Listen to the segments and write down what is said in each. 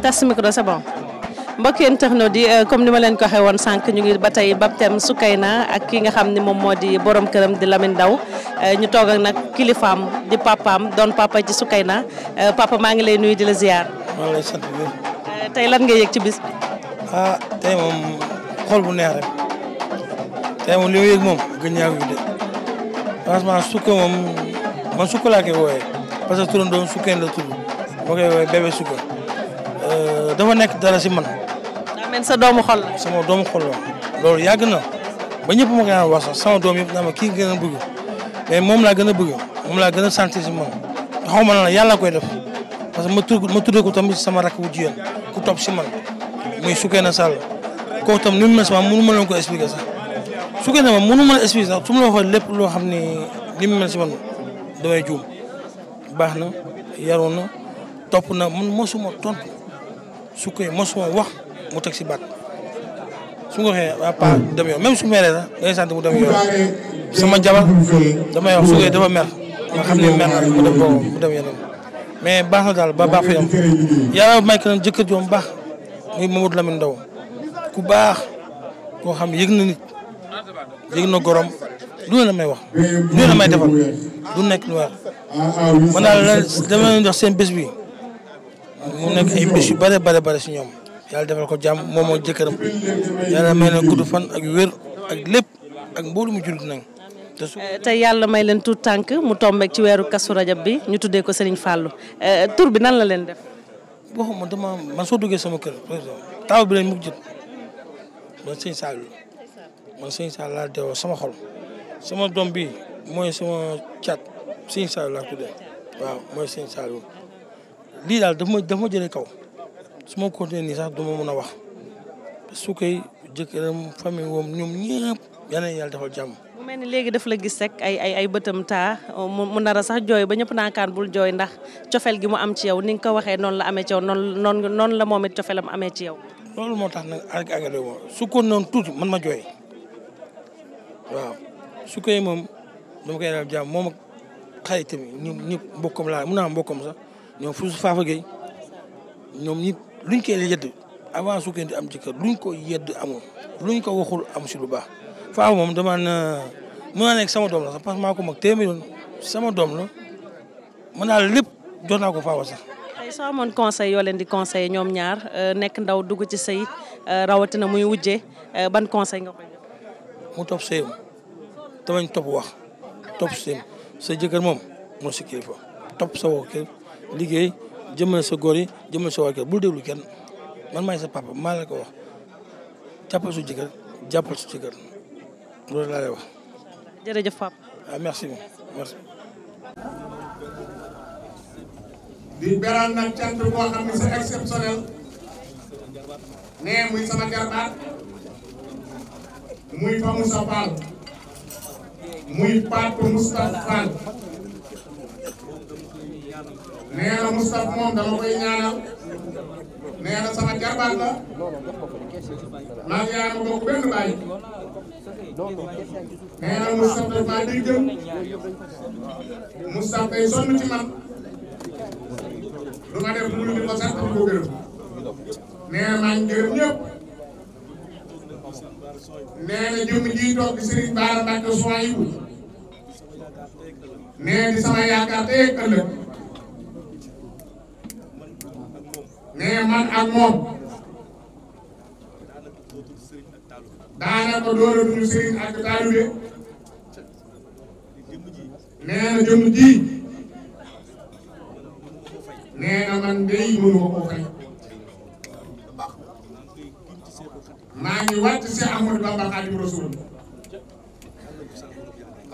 tas micro c'est bon mbokk internautes di euh, comme ni ma leen ko waxee woon sànq ñu ngi ba tey baptême Soukeyna ak ki nga xam ni moom moo di borom këram di Lamine Ndaw euh, ñu toog ak nag kilifaam di papaam doon papa ci Soukeyna euh, papa maa ngi lay nuyu di la ziar. maa tey lan nga yëg ci bis bi. ah tey moom xol bu neex rek tey moom li ma yëg moom gën ñaaw yu de franchement Souké moom man Souké laa koy woowee parce que turandoom Souké la tudd moo koy Euh, dafa nekk dara si man. daa mel sa doomu xol la. sama doomu xol loolu yàgg na ba ñëpp ma ko daan wax sax sama doom yëpp naa ma kii gën a bëgg mais moom laa gën a bëgg moom laa gën a sentir si man xaw ma na yàlla koy def parce que ma tudd ma tuddee ko tamit sama rakk bu jigéen ku topp si man muy Soukeyna Sall kooku tam ni mel si man mënu ma leen ko expliquer sax Soukeyna ma mënu ma leen expliquer sax su ma la waxee lépp loo xam ne li mu mel si man damay juum baax na yaroon topp su koy mosoo wax mu teg si baat su nga waxee waa Paa dem yoon même su meree sax ngay sant mu dem yoon sama jabar damay wax su koy dafa mer nga xam ne mer mu dem boobu mu dem mais baax na daal ba baax fa yam yàlla may keneen jëkkër joom ku baax koo xam yëg na na gorom lu may wax lu ne du nekk lu wax man daal dama leen seen bés bi mu nekk ay bés yu bare bare bare si ñoom yàlla defal ko jàmm moom moo jëkkëram yàlla may ak wér ak lépp ak mboolu mu jullit nag te eh, yàlla may leen tuut tànk mu tombeek ci weeru kasu rajab bi ñu tuddee ko Serigne Fallou eh, tur bi nan la leen def. waxuma dama man soo duggee sama kër par bi lañ mujj jot man sëñ Saalum man sëñ Saalum laa deewoo sama xol sama doom bi mooy sama cat sëñ Saalum laa tuddee waaw mooy sëñ Saalum. lii daal daf ma daf ma kaw su ma continuer nii sax du ma mën a wax su koy jëkkëram famille woom ñoom ñëpp yal na yàlla dafa jàmm. mu mel léegi daf la gis rek ay ay ay bëtam taa oh, mu nar a sax jooy ba ñëpp naakaan bul jooy ndax cofeel gi mu am ci yow ni nga ko waxee noonu la amee ci yow noonu noonu noonu la moom it cofeelam amee ci yow. loolu moo tax nag ak ak ma su ko noonu tuuti man ma jooy waaw su koy moom dama koy def jàmm moom ak xaritam ñoom ñëpp mbokkam laa mun naa ñoom Foussou Fafa Gueye ñoom ñi luñ koy yedd avant su am ci kër luñ ko yedd amul luñ ko waxul amu si lu baax Fafa moom damaa na mën naa nekk sama doom la sax parce que maa ko sama doom la mën naa lépp jox naa ko Fafa sax. tey soo amoon conseil yoo leen di conseil ñoom ñaar euh, nekk ndaw dugg ci sëy euh, rawatina muy wujjee euh, ban conseil mu topp sëyam te bañ topp wax topp sëyam sa jëkkër moom moo si kilifa topp sa woo kilifa liggéey jëmmal sa góor yi jëmmal sa waa kër bul déglu kenn man maay sa papa maa la ko wax jàppal su jëkkër jàppal su jëkkër loolu laa wax. jërëjëf papa. ah merci merci. di beral nag cant boo xam ne c'est exceptionnel nee muy sama garbaat muy fa Moussa Fall muy Pape Moustapha Fall. nee na Moustapha moom dama koy ñaanal nee sama jarbaat la maa ngi yaanu bokk benn bàyyi nee na Moustapha daf man du ma def lu di ko sant di ko gërëm nee na maa ngi gërëm ñëpp nee na jëmm ji toog di Serigne Bara Mbacké Souhaïbou sama yaakaar tey ëllëg nee man ak moom daanaka doolatuñu sëriñ ak taalibe nee na jëm ji nee na man day mënuma koo fay maa ngi wàcc si Amadou Bamba Xaadimu Rasuul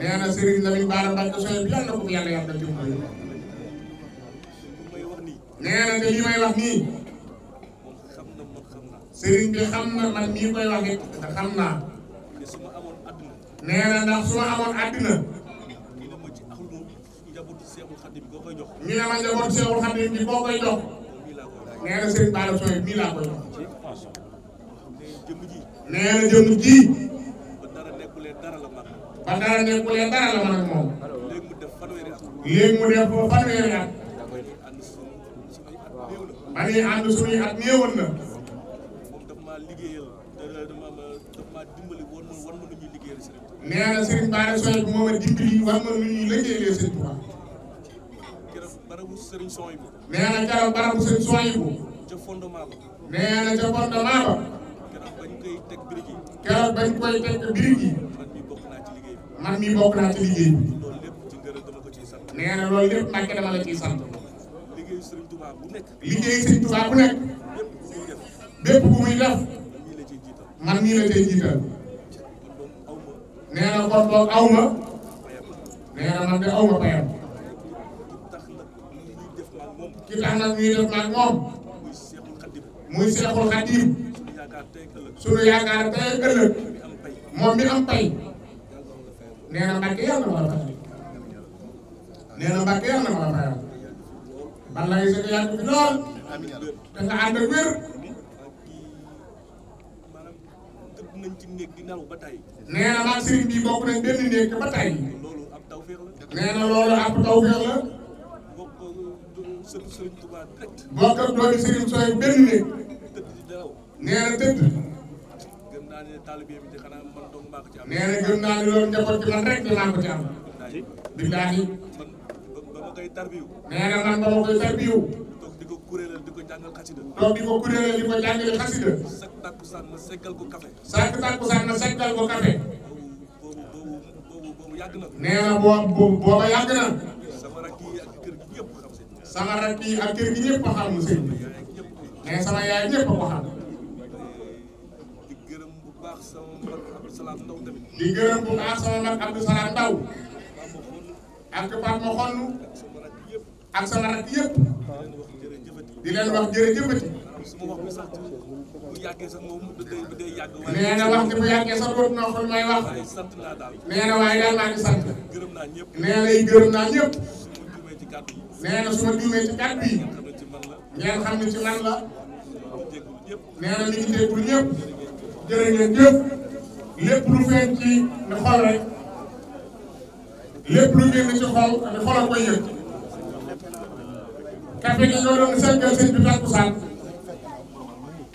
nee na sëriñ Lamin Baara Mbàkke sooy bi yàlla ko fi yàlla yàlla jëm nee na te li may wax nii sëriñ bi xam na man mii koy wax xam naa nee na ndax amoon àddina ñu ne ma njaboot Seexul Xadim bi boo koy jox nee na sëriñ Bara mii laa koy jox nee na jëm ba dara nekkulee dara la man ak moom léegi mu def fanweeri at ma ne ànd suñuy at néewoon na. nee na Serigne Bara Soye bi moo ma dimbali war ma nu ñuy liggéeyee Serigne Touba. nee na keroog barabu Serigne Soye bu. nee na ca fondement ba. keroog bañ koy teg birig yi. man mii bokk naa ci liggéey bi. nee na loolu lépp Mbàkke dama la ciy sant. liggéeyu Serigne Touba bu nekk. bépp bu muy def. man mii la cay jiital. nee na kon boog aw man de aw ma payam. ki tax nag ñuy def maag moom. muy Seexul Xadiim. sunu yaakaar tey ak moom mi am pay. nee na Mbàkke na ma la fayal. nee na Mbàkke na ma la fayal. man lay sëñ yàgg bi lool da nga ànd ak wér. nee na bokk nañ benn néeg ba tey nee na loolu ab tawfeex la bokk ak doomi sëriñ sooy benn néeg nee tëdd nee na gëm loolu njaboot ci man rek ñu naan ko ci am ma koy tarbiyu. nee na man ba ma yàgg na. sama rakk yi ak kër gi ñëpp xam sëñ. sama a nee sama yaay ñëpp a ko xam. di gërëm bu baax sama mag Abdou Ndaw tamit. gërëm bu baax sama mag Abdou Ndaw. ak Pape Mokhonu. ak a rakk yëpp di leen wax jërëjëfati nee na wax bu sax boobu noo may wax nee waaye daal maa ngi sant nee yi gërëm naa ñëpp nee na su ma juumee ci kàddu yi ngeen xam ne ci man la nee na mi déggul ñëpp jërë ngeen lépp lu feeñ ci xol rek lépp lu génn ci xol xol a koy yëg. café gi nga doon sekkal sëñ bi takkusaan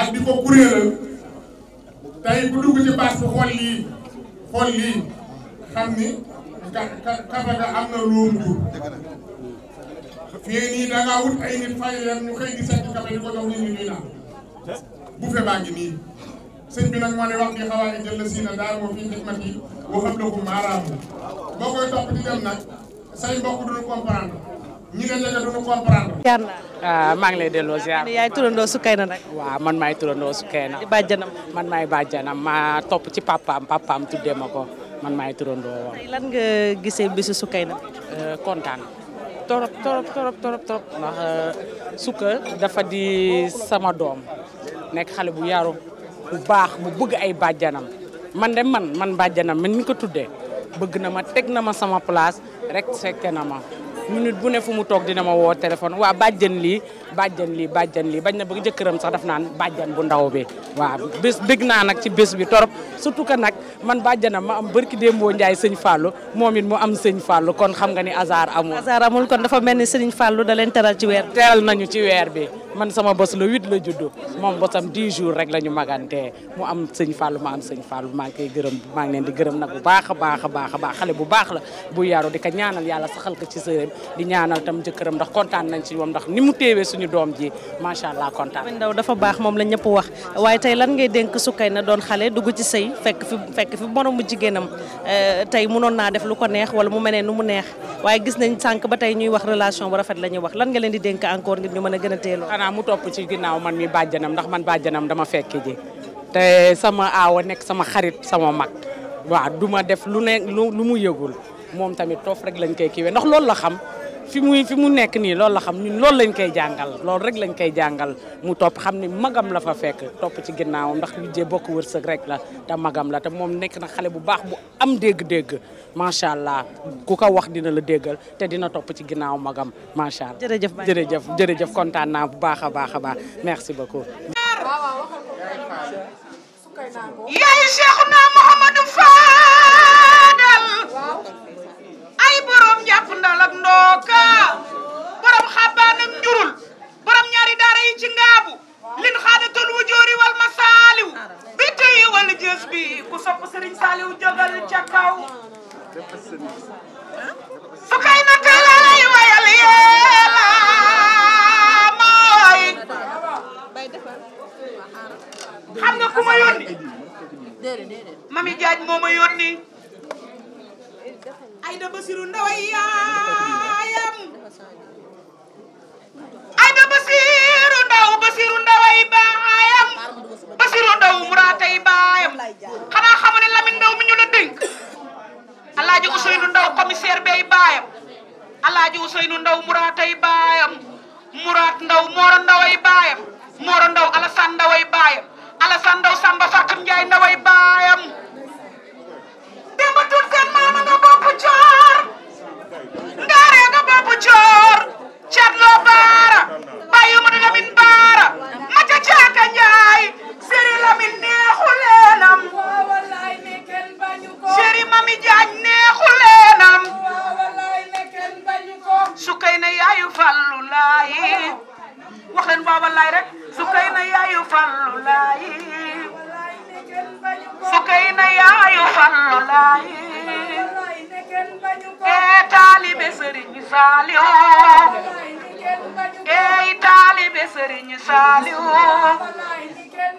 ak di ko kuréelal tey bu dugg ci baas bu xool lii xam ni ka café ga am na ñi ñuy bu fe baa ngi nii sëñ bi nag moo ne wax bi xaw a jël la siina daal moo fi xikmat yi boo xam la maaraamu boo koy topp di dem nag say mbokk duñu comprendre ñi nga nekk duñu comprendre. Ah, maa ngi lay delloo ziar. man yaay turandoo Sukayna na waaw man maay turandoo Sukayna. na bàjjanam man maay bàjjanam ma topp ci papaam papaam tuddee ma ko man maay turandoo waaw. lan nga gisee bisu Sukayna. Euh, kontaan torop torop torop torop euh, dafa di sama doom nekk xale bu yaru bu baax bu bëgg ay bàjjanam man de man man bàjjanam man ni ko tuddee bëgg na ma teg na ma sama place rek fekk na ma. minute bu ne fu mu toog dina ma woo téléphone waa bàjjan li bàjjan li bàjjan li bañ na ba jëkkëram sax daf naan bàjjan bu ndaw bi waaw bés bég naa nag ci bés bi torop surtout que nag man bàjjanam ma am barki démboo Njaay sëñ Fallou moom it mu am sëñ Fallou kon xam nga ni hasard amul. hasard amul kon dafa mel ni sëñ Fallou da teral ci weer. teral nañu ci weer bi. man sama bos le huit la juddu moom bosam dix jour rek la ñu magantee mu am sëñ falu ma am sëñ Fallou maa ngi gërëm bu ngi leen di gërëm nag bu baax a baax a baax a baax xale bu baax la bu yaru di ko ñaanal yàlla saxal ko ci sëram di ñaanal tam jëkkëram ndax kontaan nañ ci moom ndax ni mu téewee suñu doom ji macha allah kontaan ndaw dafa baax moom la ñëpp wax waaye tey lan ngay dénk sukkay na doon xale dugg ci sëy fekk fi fekk fi jigéenam euh, tey noon naa def lu ko neex wala mu menee nu mu neex waaye gis nañ sànq ba tey ñuy wax relation bu rafet la ñuy wax lan nga leen a gën xanaa mu topp ci ginnaaw man mi bàjjanam ndax man bàjjanam dama fekk ji te sama aawa nekk sama xarit sama mag wa du ma def lu ne lu mu yëgul moom tamit toof rek lañ koy ndax loolu la xam fi muy mu nekk nii loolu la xam ñun loolu lañ koy jàngal loolu rek lañ koy jàngal mu topp xam ne magam la fa fekk topp ci ginnaawam ndax wijjee bokk wërsëg rek la te magam la te moom nekk na xale bu baax bu am dégg-dégg macha allah ku ko wax dina la déggal te dina topp ci ginnaaw magam macha allah. jërëjëf jërëjëf jërëjëf kontaan naa bu baax a baax a baax merci beaucoup. yaay Cheikhouna Mouhamadou Basiru ndaway yaayam Ayda Basiru ndaw Basiru baayam Basiru ndaw muraatay baayam xanaa xamu ne Lamine ndaw mi ñu la dénk Alaaji ndaw commissaire baayam Alaaji ndaw muraatay baayam Muraat ndaw Mooro baayam Mooro ndaw Alassane ndaway baayam nga bopp coow joor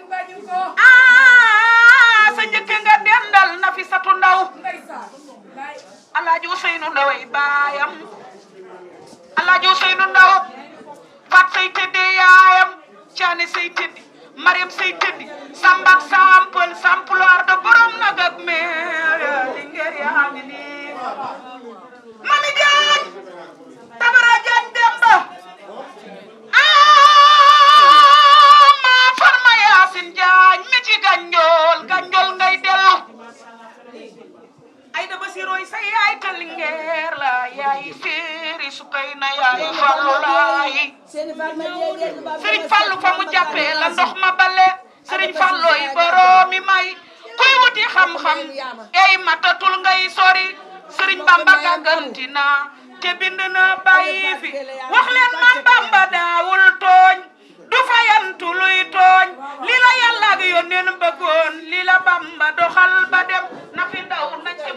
bañu ah sa njëkk nga dendal na fi satu ndaw alaaji Ousseynou Ndaw ay baayam alaaji Ousseynou Ndaw fat say tëdde yaayam caane say tëddi mariam say tëddi sambak sampal samploir de borom nag ak meer li ngeer yaa ngi nii lingeer la yaay séeri Sukayna yaay fallu laay sëriñ fallu fa mu jàppee ndox ma bale sëriñ fallooy boroomi may kuy wuti xam-xam ey matatul ngay sori sëriñ bamba gàgganti na bind na bàyyi fi wax man bamba daawul tooñ du fayantu luy tooñ li la yàlla ak yónneen bëggoon li bamba doxal ba dem na fi na ci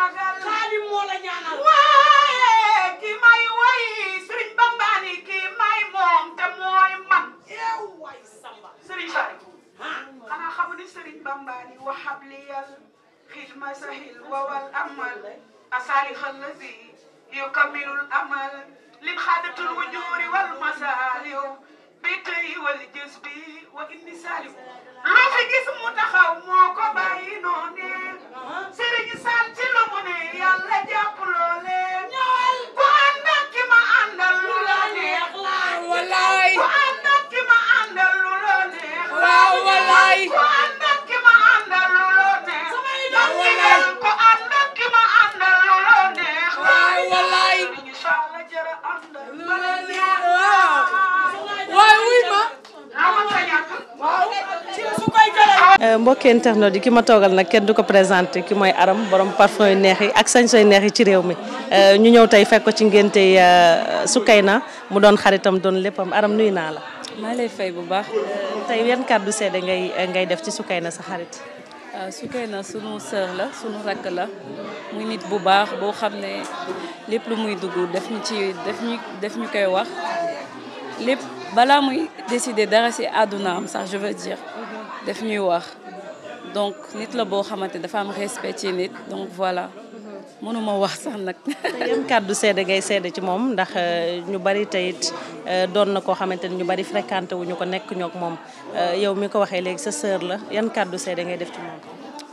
sagal xaalim moo la ñaanal waaye ki may way Serigne Bamba ni may moom te mooy man yow way samba Serigne Bari xanaa xamu ni Serigne Bamba ni waxab liyal xidma sahil wawal amal asalihal lazi yukamilul amal lim xaadatul wujuri wal masaliw bi tey wal jës bi wa inni salim lu fi mu taxaw moo ko bàyyi noonee Serigne Sall ci lu mu ne yàlla jàpp loolee mbokki internet yi ki ma toogal nag kenn du ko présenté ki mooy Aram borom parfum yu neex yi ak sañ-sañ neex yi ci réew mi euh, ñu ñëw tey fekk ko ci ngénte euh, Soukeyna mu doon xaritam doon lépp am Aram nuy naa la. maa lay fay bu baax. tey kàddu seede ngay ngay def ci Soukeyna sa xarit. waaw euh, Soukeyna sunu sœur la sunu rakk la muy bu baax boo xam ne lépp lu muy dugg def ñu ci def ñu def ñu koy wax lépp balaa muy décider dara ci àddunaam sax je veux dire. def ñuy wax donc nit la boo xamante dafa am respect ci nit donc voilà mënuma wax sax nag. yan kàddu seede ngay seede ci moom ndax euh, ñu bari tayit euh, doon na koo xamante ni ñu bari fréquenté wu ñu ko nekk ñoog moom euh, yow mi ko waxee léegi sa sœur la yan kàddu seede ngay def ci moom.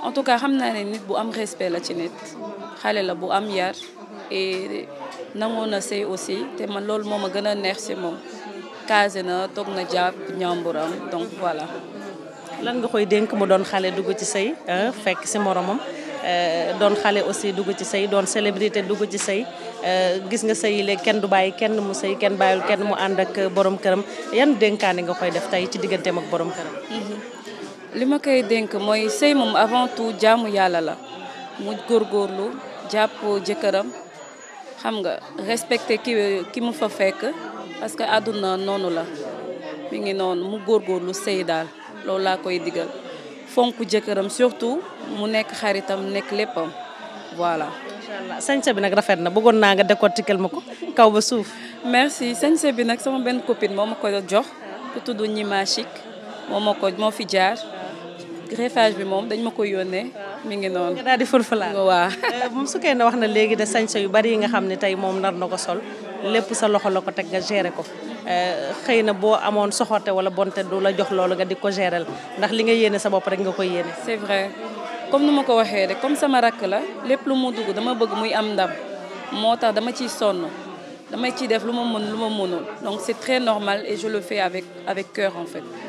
en tout cas xam naa ne nit bu am respect la ci nit xale la bu am yar et nangoon na sëy aussi te man loolu moo ma gën a neex si moom. casé na toog na jàpp ñamburam donc voilà. lan nga koy dénk mu doon xale dugg ci sëy fekk si moromam euh, doon xale aussi dugg ci sëy doon célébrité dugg ci sëy euh, gis nga sëy léegi kenn du bàyyi kenn mu sëy kenn bàyyul kenn mu ànd ak borom këram yan dénkaane nga koy def tey ci digganteem ak borom këram. Mm-hmm. li ma koy dénk mooy sëy moom avant tout jaamu yàlla la mu góor góorgóorlu jàpp jëkkëram xam nga respecté ki ki mu fa fekk parce que àdduna noonu la mu ngi noonu mu góor góorgóorlu sëy daal. loolu laa koy digal fonk jëkkëram surtout mu nekk xaritam nekk léppam voilà. macha allah sañse bi nag rafet na bëggoon naa nga décortiquer ma ko kaw ba suuf. merci sañse bi nag sama benn copine moo ma ko jox ku tudd Nima Chic moo ma ko moo fi jaar. greffage bi moom dañ ma koy yónnee. mu ngi noonu nga daal di furfulaat waaw. Euh, moom su kenn wax na léegi de sañse yu bari yi nga xam ne tey moom nar na ko sol lépp sa loxo la ko teg nga gérer ko. Euh, xëy na boo amoon soxorte wala bonte du la jox loolu nga di ko gérer ndax li nga yéene sa bopp rek nga ko yéene. c'est vrai comme nu ma ko waxee rek comme sama rakk la lépp lu mu dugg dama bëgg muy am ndam moo tax dama ciy sonn damay ciy def lu ma mën lu ma mënul donc c'est très normal et je le fais avec avec cœur en fait.